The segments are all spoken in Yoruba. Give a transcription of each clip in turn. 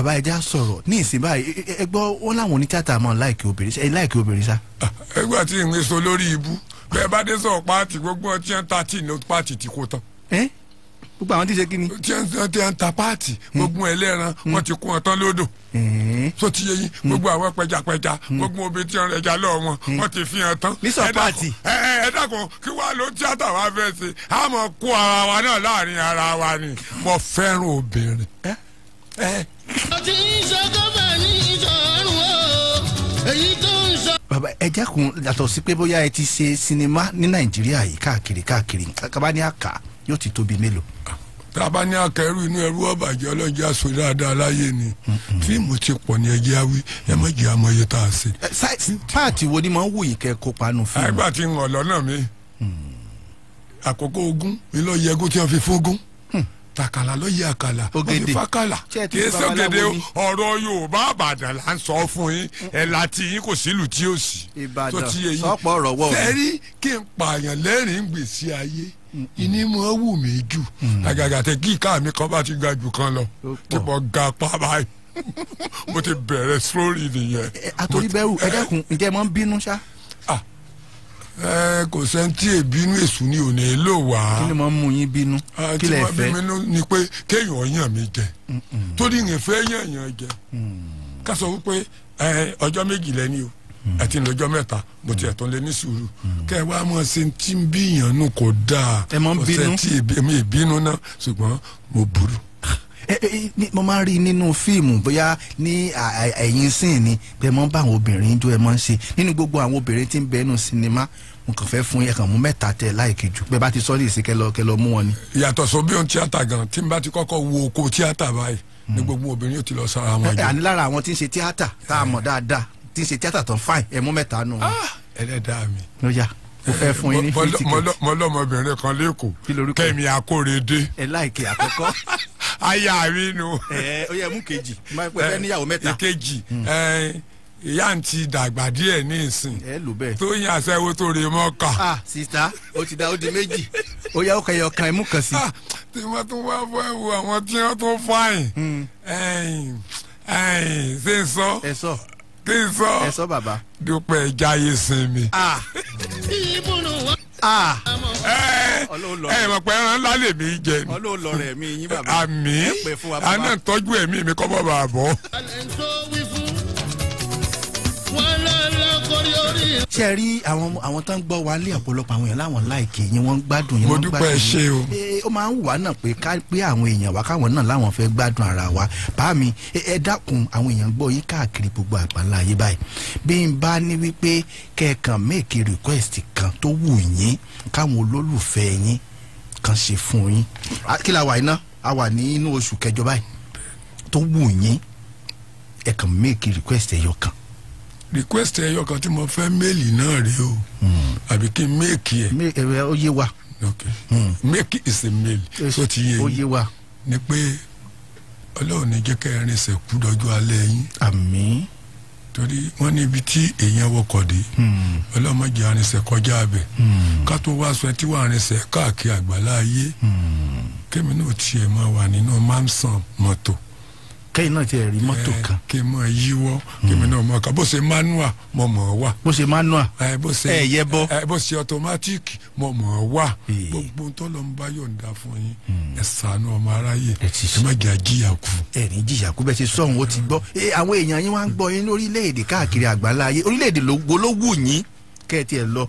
àbá ẹja sọ̀rọ̀ ní ìsìn báyìí ẹ gbọ́ wọn láwọn onítìátà máa láìkí obìnrin ṣe láìkí obìnrin ṣá. ẹgbà tí ìwé sọ lórí ibú bẹ́ẹ̀ bá dé sọ̀rọ̀ páàtì gbogbo ọtí ẹ̀ ń ta tí ìnáwó páàtì ti kó tán. ẹ gbogbo àwọn tí ṣe kíni. tí wọ́n ti ń ta páàtì gbogbo ẹlẹ́ran wọ́n ti kó wọn tán lódò. so ti yẹ yín gbogbo àwọn pẹjapẹja gbogbo obìnrin tí wọ́n rẹja lọ́wọ́ wọn wọ́n ti fi hàn tán. nísọ páàtì. ẹ ẹ ẹ dákun kí wàá ló tíátà wá fẹ́ ṣe a mọ̀ kó ara wa náà láàrin ara wa ni mo fẹ́ràn obìnrin. ẹ ẹ Baba, ń sọ gọ́fà ní ìṣọ̀rùn o èyí tó ń sọ. bàbá ẹ jẹ́kun yàtọ̀ sí pé bóyá ẹ ti ṣe sinimá ní nàìjíríà yìí káàkiri káàkiri kábà ní àkà yóò ti tóbi mélòó. tá a bá ní akẹ́rù inú ẹrú ọ̀bàjẹ́ ọlọ́jà sọ dáadáa láyé ni fíìmù ti pọ̀ ní ẹjẹ́ awí ẹ má jẹ́ amọ̀ye tá a ṣe. Eh, páàtì wo ni mo ń wò yìí kẹ́ kópa nù fíìmù. àgbà ti ń hàn lọ́nà mi hmm. àkókò ogun mi lọ yẹ egún tí wọ́n fi fún ogun àtàkàlà ló yẹ àkàlà ògèdè fàkàlà kìí sọ́gèdè ọ̀rọ̀ yorùbá àbàdàn là ń sọ fún yín ẹ̀ láti yín kò sílùú tí ó sì tó ti yẹ yín sọ́pọ̀ ọ̀rọ̀ wọ̀ sẹ́rí kí n pààyàn lẹ́rìn-ín gbèsè ayé ìní mọ̀ wù mí jù àgàgà kí ìka mi kan bá ti ga jù kan lọ tí mo ga pa báyìí mo ti bẹ̀rẹ̀ sórí nìyẹn. àtòrí bẹ́rù ǹjẹ́ mọ́ bínú ṣá ẹ kò sẹ́ńtì ìbínú èṣù ni ò ní lò wá. kí ni mo mú yín bínú ah, kí lè fẹ́. tí wọ́n bí ni pé kéèyàn yàn mí jẹ torí ìyẹn fẹ́ yàn yàn jẹ mm. ká sọ wípé ọjọ́ méjì lẹ́ni o àti mm. ìlọ́jọ́ mẹ́ta mo ti ẹ̀tọ́ lé ní sùúrù mm. kẹ́ ẹ wá mọ̀ ṣe tí ń bí yàn nù kò kò sẹ́ńtì ìbínú náà ṣùgbọ́n mo burú mo máa ń rí nínú fíìmù bóyá ní ẹ̀yìn sìn ni bẹ́ẹ̀ mọ́ bá àwọn obìnrin jó ẹ mọ́ ń ṣe nínú gbogbo àwọn obìnrin tí ń bẹ nínú sinimá mo kàn fẹ́ fún yẹn kàn mú mẹ́ta tẹ láìkí jù bẹ́ẹ̀ bá ti sọ́ọ́ nìsí kẹlọ kẹlọ mú wọn ni. yàtọ̀ sọ bí ohun tíátà gan tí n bá ti kọ́kọ́ wo oko tíátà báyìí ní hmm. gbogbo obìnrin yóò ti lọ sára wọn jù. àní lára àwọn tí ń ṣe tíátà tá a mọ̀ eh. dáadáa tí ń ṣe tíátà tán fáìn ẹ mú mẹ́ta nù. Ah! ẹlẹ́dàá mi. ló yà mo fẹ́ fún yín ní fíìtì kejì. mo lọ́mọbìnrin kan lẹ́kọ̀ọ́ kẹ́mi akóredé. ẹ láìkè àkọ́kọ́ aya mi nu. ẹ eh, ó yẹ mú kejì pẹpẹ eh, níyàwó mẹta. ìkejì hmm. eh, ìyá ń ti dàgbà díẹ̀ ní ìsìn. ẹ lò bẹ́ẹ̀. tó yàn aṣẹ́wó tó rè mọ́ kà. ah sista o ti da o di méjì ó yà ó kẹyọ kan ẹ mú kàn sí. Ah, tí wọ́n tún wá fọ́ ẹ̀wù àwọn tí wọ́n tún fáyìn. ẹyìn ẹyìn ṣé n sọ. ẹ sọ kí n sọ. ẹ sọ bàbá. dúpẹ́ jáyé sinmi. ah. ìbùnú wọn. ah. ẹ ẹ mọ̀ pé ẹran ńlá lèmi jẹ ni àmì àná tọ́jú ẹ̀mí mi kọ́ bọ́ bàbọ̀. ṣe rí àwọn àwọn tó ń gbọ́ wa lé ọ̀pọ̀lọpọ̀ àwọn èèyàn láwọn láìkè yín wọ́n ń gbádùn yín wọ́n ń gbádùn yín. mo dúpẹ́ ṣe o. ó máa ń wà náà pé ká pé àwọn èèyàn wa káwọn náà láwọn fẹ́ gbádùn ara wa bá mi ẹ dákun àwọn èèyàn gbọ́ yín káàkiri gbogbo àgbáńlá ayé báyìí bí n bá ní wípé kẹ́ẹ̀kan make a request kan tó wù yín káwọn olólùfẹ́ yín kan ṣe fún yín kí la wà iná a wà ní inú oṣù kẹjọ báyìí tó wù yín ẹ kàn make a request ẹyọ kan request ẹyọ kan tí mo fẹ́ méèlì náà rí o hmm. àbí kí n méèkì ẹ. ẹ ó yé wa. ok hmm. make is a mail. ó ti yé yín ni pé ọlọ́run ní jẹ́ kẹ́ ẹrin ṣẹ̀kú dọ́jú alẹ́ yín. àmín. torí wọ́n ní ibi tí èèyàn wọkọ̀ dé hmm. ọlọ́mọ jẹ́ arinṣẹ́ kọjá abẹ ká tó wá aṣọ tí wọ́n arinṣẹ́ káàkiri àgbàlá ayé kémi náà tiẹ̀ máa wà nínú máa ń sàn kẹ́yìn náà ti rí mọ́tò kan. kí n mọ yíwọ́ kí mi náà mọ kàn bó ṣe manua mo mọ̀ ọ́ wà. bó ṣe manua ẹ yẹ bọ́. bó ṣe ọtọmátìkì mo mọ̀ ọ́ wà. gbogbo ń tọ́lọ́ ń bá yọ̀ǹda fún yín hmm. ẹ ṣàánú ọmọ aráyè ẹ má jẹ́ àjíyà kú. ẹ ní jìyà kú bẹ́ẹ̀ ṣe sọ̀hún ó ti gbọ́ àwọn èèyàn yín wá ń gbọ́ yín ní èdè káàkiri àgbáńlá ayé orílẹ̀-èdè wo ló wù yín kẹ́ ẹ tiẹ̀ lọ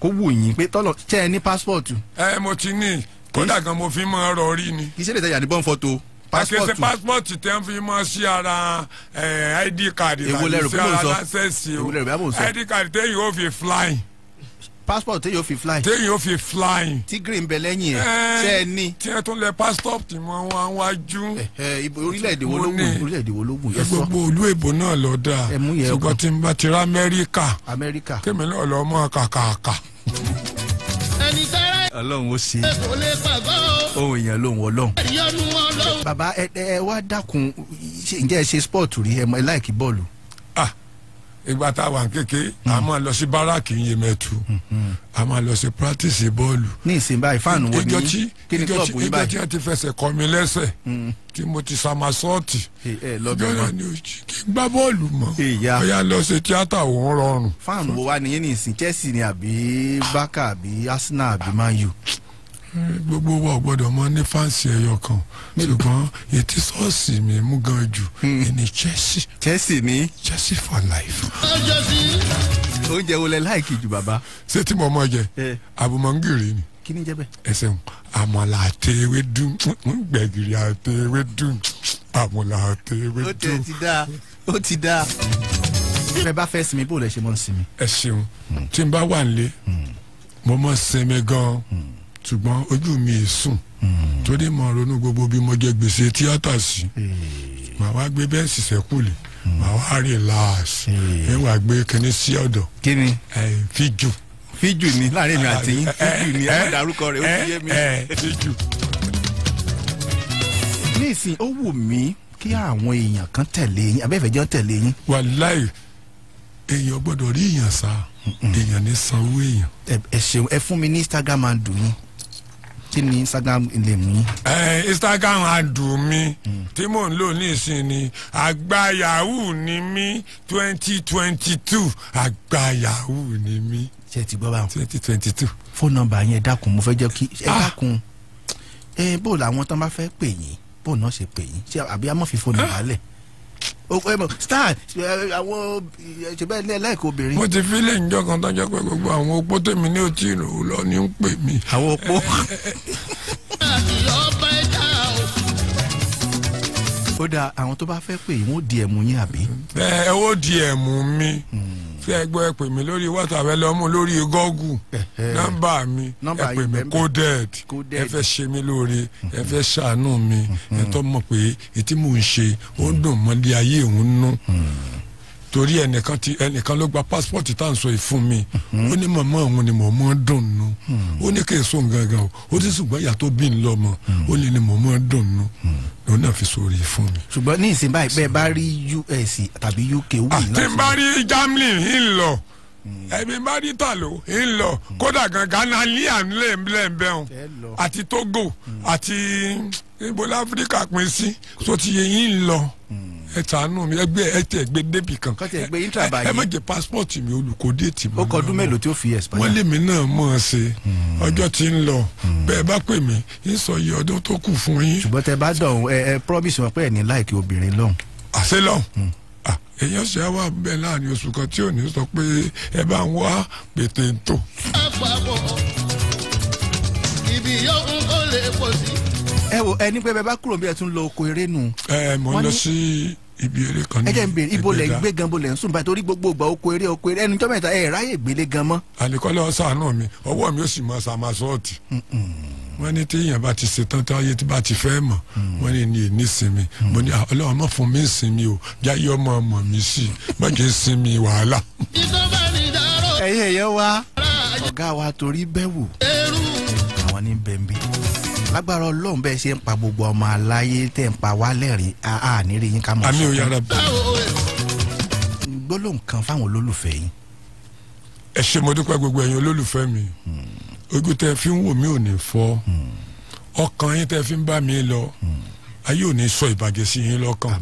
kó wù yín pé tọ́lọ̀ tẹ́ ẹ ní pásítọ̀tù. ẹ mo ti ní kódà gan mo fi máa rọrí ni. kì í ṣe lè tẹ yàrá ní bọ́ǹfọ̀tò pàṣẹ pásítọ̀tì tẹ́ ń fi mọ́ sí ara eh, id card tàbí sí ara lásẹ̀sì o id card téyìn ó fi flying passport téyìn ó fi flying téyìn ó fi flying tí green bẹ lẹ́yìn ẹ̀ tẹ́ eh, ẹ ní. tí ẹ tún lẹ passport tí mo wá wájú. orílẹ̀-èdè wo ló wù orílẹ̀-èdè wo ló wù yẹn sọ. gbogbo olú èbó náà lọ dáa ṣùgbọ́n tí n bá ti ra amẹ́ríkà kémi náà lọ mọ́ kàkàkà. ẹni tẹ́rẹ́ ọlọ́run ó ṣe ohun èèyàn lòun ọlọ́run. Baba, ẹ ẹ wá dákun ǹjẹ́ ẹ ṣe spọ́ọ̀tù rí ẹ mọ ẹ láìkí bọ́ọ̀lù. ah ìgbà tá a wà kéke hmm. hmm, hmm. a máa lọ sí báràkì Yemẹtu a máa lọ sí pírátìsì bọ́ọ̀lù. ní ìsìn báyìí fáànù wo ni kí ni klọ́ọ̀bù yín báyìí. ìjọ tí a ti fẹsẹ̀ kọ́ mi lẹ́sẹ̀ tí mo ti samasọ́ọ̀tì ìjọ náà ni kí n gbá bọ́ọ̀lù mọ́ ọ̀yà lọ sí tíátà òun rọrùn. fáànù wo wa nìyẹn ní ìsìn Chelsea ni àbí Barca àbí Arsenal àbí Man U gbogbo wa ò gbọ́dọ̀ mọ ní fáǹsì ẹyọ kan ṣùgbọ́n ètí ṣọ́ọ̀ṣì mi mú gan jù ní hmm. Chelsea. Chelsea ni. Chelsea for life. oúnjẹ wo lẹ láìkì jù bàbá. ṣé tí mo mọ jẹ eh. abumangiri ni kí ni jẹ bẹ. ẹsẹ̀ ń àmàlà àti ewédú gbẹ̀gìrì àti ewédú àmàlà àti ewédú. ó tẹ̀ ti dáa ó ti dáa. bẹ́ẹ̀ bá fẹ́ sinmi bó lẹ ṣe mọ́ sinmi. ẹ ṣeun tí n bá wà nílé hmm. mo mọ̀ sinmi gan-an. Hmm ṣùgbọ́n ojú mi ì sùn torí mo ronú gbogbo bí mo jẹ gbèsè tíátà sí màá wá gbé bẹ́ẹ̀ sì sẹ́kùlì màá wá relax ẹ hmm. wá gbé kinní sí ọ̀dọ̀ fíjù. fíjù ni láàrin mi àti yín fíjù ni ẹ dárúkọ rẹ ó fi yé mi. fíjù. ní ìsìn ó wù mí kí àwọn èèyàn kan tẹ̀lé yín abẹ́fẹ́ tẹ̀lé yín. wàláì èèyàn gbọ́dọ̀ rí èèyàn sá èèyàn ní sanwó èèyàn. ẹ ṣeun ẹ fún mi ní instagram handle yín kí ni instagram lè mú yín. ẹ instagram adùn mi tí mò ń lò nísìnyí àgbà yahoo ni mí twenty twenty two àgbà yahoo ni mí. ṣé ti gbọ́ báwọn. twenty twenty two. fóònù nọ́mbà yẹn dákun mo fẹ́ jẹ́ kí ẹ ah! dákun ẹ bó làwọn tán bá fẹ́ pè yín bó náà ṣe pè yín ṣé àbí a mọ̀ fi fóònù star eh, àwọn ìṣẹ̀bẹ̀ eh, ilé ẹlẹ́ẹ̀kọ́ obìnrin. mo ti fi lè njọ́ kan tó jẹ́ pé gbogbo àwọn opó tèmi ní òtí ìrò lọ ni ń pè mí. àwọn opó. ó dáa àwọn tó bá fẹ́ pè yín wọ́n di ẹ̀mú yín àbí. ẹ ó di ẹ̀mú mi. Mm tí ẹ gbọ́ ẹ pè mí lórí whatsapp ẹ lọ mú lórí google nọ́mbà mi ẹ pè mí coded ẹ fẹ́ ṣe mí lóore ẹ fẹ́ ṣàánú mi ẹ tọ́ mọ̀ pé ètí mò ń ṣe ó ń dùn mọ́lẹ́ ayé òun nú torí ẹnìkan ti ẹnìkan ló gba passport tá à ń sọ yìí fún mi ó ní màmá òun ni mò ń mọ́ dùnnú ó ní kí n sọ o ó ti ṣùgbọ́n ìyá tó bí n lọ́mọ ó ní ni mò ń mọ́ dùnnú lòun náà fi sórí fún mi. ṣùgbọ́n ní ìsìn báyìí bẹ́ẹ̀ bá rí US tàbí UK wù náà. àti bá rí Germany ń lọ ẹ̀mí bá rí tàló ń lọ kódà gangan náà liam lẹ́ẹ̀mbẹ́ẹ̀ àti Togo àti ibo láfíríkà pín sí tó ti yẹ yín lọ ẹ ṣàánú mi ẹgbẹ́ ẹ tẹ ẹgbẹ́ débì kan ẹ má jẹ passport mi olùkọ́dé tì mọ́. ó kọ ọdún mélòó tí ó fi ẹ̀sìpáyà. wọ́n lé mi náà mọ̀ ọ́n ṣe hmm. ọjọ́ tí ń lọ bẹ́ẹ̀ bá pè mí ń sọ iye ọdún tó kù fún yín. ṣùgbọ́n tẹ bá dọ̀ ẹ ẹ promise wọn pé ẹ ní láìkí obìnrin lọ́hùn. àṣẹ lọ́hùn èèyàn hmm. ṣe á wà láàrin oṣù kan tí ò ní sọ pé ẹ bá ń wá pété ń tò. àpapọ̀ ẹ wo ẹni pé bá kúrò bí ẹ tún lọ oko eré nù. ẹ mò lọ sí ìbéèrè kan ní ẹjẹ ń béèrè ibo lẹ ń gbé gan bo lẹ ń sùn báyìí torí gbogbo ìgbà oko eré oko eré ẹnu jọ mẹ́ta ẹ ráyè gbélé gan mọ. àlekọ́lẹ́ ọ̀sánù mi ọwọ́ mi ó sì mọ sàmásọ́ọ̀tì wọ́n ní téèyàn bá ti ṣetán tí ayé tí bá ti fẹ́ mọ̀ mm. wọ́n ní ní nísinmi mm. mo ní ah, ọlọ́run mọ̀ fún mi nísinmi o jáyé ọmọ ọmọ mi sí i má jẹ́ sinmi wàhálà. ẹ̀yin ẹ̀yẹ wa ọ̀gá wa torí bẹ́ẹ̀ wò wọn ní bẹ́ńbí. lágbára ọlọ́run bẹ́ẹ̀ ṣe ń pa gbogbo ọmọ aláyé tẹ̀ ń pa wálẹ̀ rí a yín ká mọ̀. àmì òye ara bẹ̀. gbólóhùn kan fáwọn olólùfẹ́ yín. ẹ ṣe mo dúpẹ́ gbogbo ẹ̀yin olólùfẹ́ mi ojú tẹ fi ń wò mí ò ní fọ́ ọkàn yín tẹ fi ń bá mi lọ ayé ò ní sọ ìbàjẹ́ sí yín lọ́kàn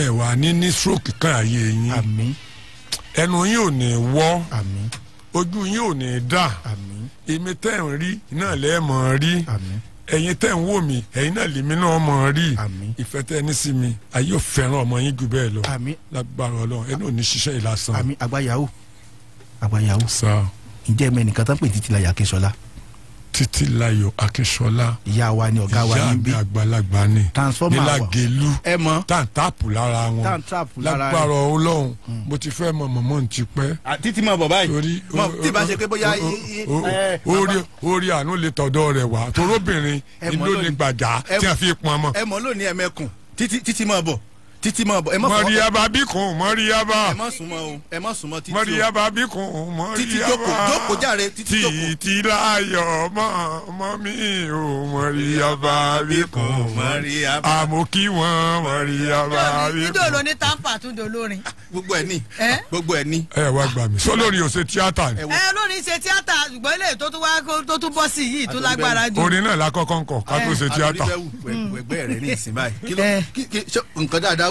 ẹ wà ní ní stroke kan ayé yín ẹnu yín ò ní wọ́ ojú yín ò ní dà. Àmín èmi tẹ́ ń rí náà lẹ́ mọ̀ ń rí ẹ̀yin tẹ́ ń wò mí ẹ̀yin náà lèmi náà mọ̀ ń rí ìfẹ́ tẹ́ ní sí mi ayé ò fẹ́ràn ọmọ yín jù bẹ́ẹ̀ lọ lágbára Ọlọ́run ẹni ò ní ṣiṣẹ́ ìlàsàn. àgbáyàwó àgbáyàwó ǹjẹ́ mẹ́nìkan tán pè títí la yàkẹ́ sọlá títílayọ̀ akínṣọlá ìyá wa ni ọ̀gá wa níbí ìyá mi àgbàlagbà ni nílàgẹ̀lú tàǹtàpù lára wọn lágbára ọlọ́run hmm. mo ti fẹ́ mọ mọ̀mọ́ ní ti pẹ́. títí mọ bàbá yìí torí tí bá ṣe pé bóyá orí orí àánú lè tọ̀dọ̀ rẹ̀ wá toróbìnrin ló ní gbàjà tí a fi pọn mọ́. ẹ mọ̀ lónìí ẹ̀mẹ́kùn títí mọ̀ bọ̀ títí mọ ẹ mọ fọ mọríyaba bíkun mọríyaba ẹ mọ súnmọ́ o ẹ mọ súnmọ́ títí o mọríyaba bíkun mọríyaba títí jókòó jókòó jàre títí jókòó títí láyọ̀ mọ mọ mi o mọríyaba bíkun mọríyaba àmókí wọn mọríyaba bíkun. dídò lóní tampa tún dò lórin. gbogbo ẹ ní gbogbo ẹ ní. ẹ wá gbà mí sólórí ò ṣe tíátà ni. ẹ lórí ṣe tíátà ṣùgbọ́n ilé tó tún wá tó tún bọ́ sí yìí tó lágbára jù. orin náà lákọ́kọ́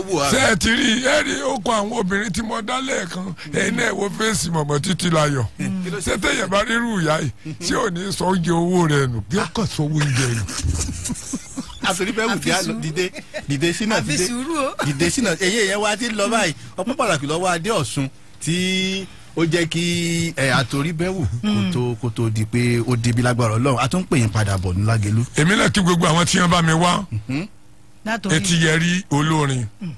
wò á. ṣé ẹ ti rí i ẹ rí okò àwọn obìnrin tí mo dá lẹ́ẹ̀kan hmm. ẹ̀yin náà wo fèsì mọ̀mọ́ títí láyọ̀ hmm. ṣé téèyàn bá rírú ìyá yìí hmm. ṣé ò ní sọ oúnjẹ owó rẹ̀ nù bí ọkọ̀ sọ oúnjẹ nù àtòrí bẹ́ẹ̀ wù kí á lọ dìde dìde sínà dìde dìde sínà èyí èyẹ wa ti lọ báyìí ọ̀pọ̀ pàtàkì lọ́wọ́ adé ọ̀sun tí ó jẹ́ kí ẹ àtòrí bẹ́ẹ̀ wù kó tó di pé ó débi lágbára ọlọ́run a tún pè yín padà bọ̀ ní lágẹ̀lú. èmi náà kí gbogbo àwọn tí wọn bá mi wá mm-hmm etí yẹrí olórin mhm.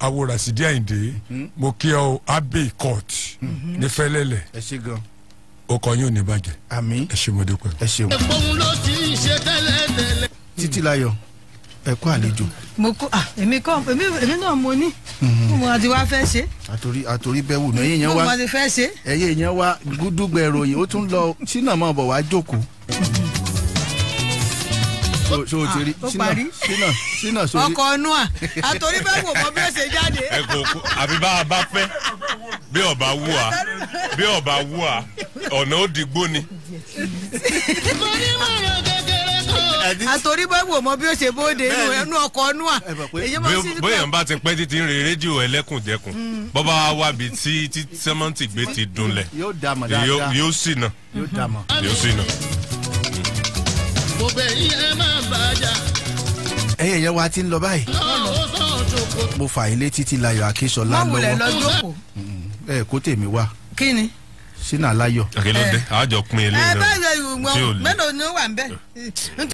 aworasidi Àyìndé mhm. mo kí ọ abbey court mhm. ní fẹlẹlẹ ọkọ yóò ní bàjẹ́ ẹ ṣé mo dúpẹ́. ẹ ṣeun. ẹ̀fọ́n ló ti ń ṣe tẹ́lẹ̀ títí láyọ̀ ẹ kú àlejò. mo kú ah èmi kọ èmi èmi náà mo ní. mo àti wá fẹ́ ṣe. àtòrí àtòrí bẹ́ẹ̀ wù náà ẹ̀yìn yẹn wá ẹ̀yìn yẹn wá gúdúgbẹ̀ròyìn ó tún lọ sínú àmọ́ ọ̀bọ̀ wá jókòó ṣó o ti rí ah, ṣínà ṣínà sórí. ọkọ̀ nua àtòrí bẹ́ẹ̀ kò mọ bí ó ṣe jáde. ẹ kò kó àbí bá a bá fẹ́ bí ọba wù á bí ọba wù á ọ̀nà ó di gbó ni. àtòrí bẹ́ẹ̀ kò mọ bí ó ṣe bóde ẹnu ọkọ̀ nua. bóyá bá ti pẹ́ títí ń rí rédíò ẹlẹ́kùndẹ́kùn hmm. bọ́bá wa wá bi tí tí sẹ́mọ́ǹtì gbé ti dunlẹ̀ yóò sì nà yóò sì nà. mo bẹ̀ yín ẹ máa bàjá. ẹyẹ yẹn wa ti ń lọ báyìí. mo fà yín létí ti Láyọ̀ Akínsọlá lọ́wọ́. máwùlẹ̀ lọ jókòó. ẹ kó tèmi wá. kí ni sínú aláyọ. àkèlódé eh. àjọpín eléyìí eh, náà eh, tí ò lè. mélòó ni ó wà ń bẹ.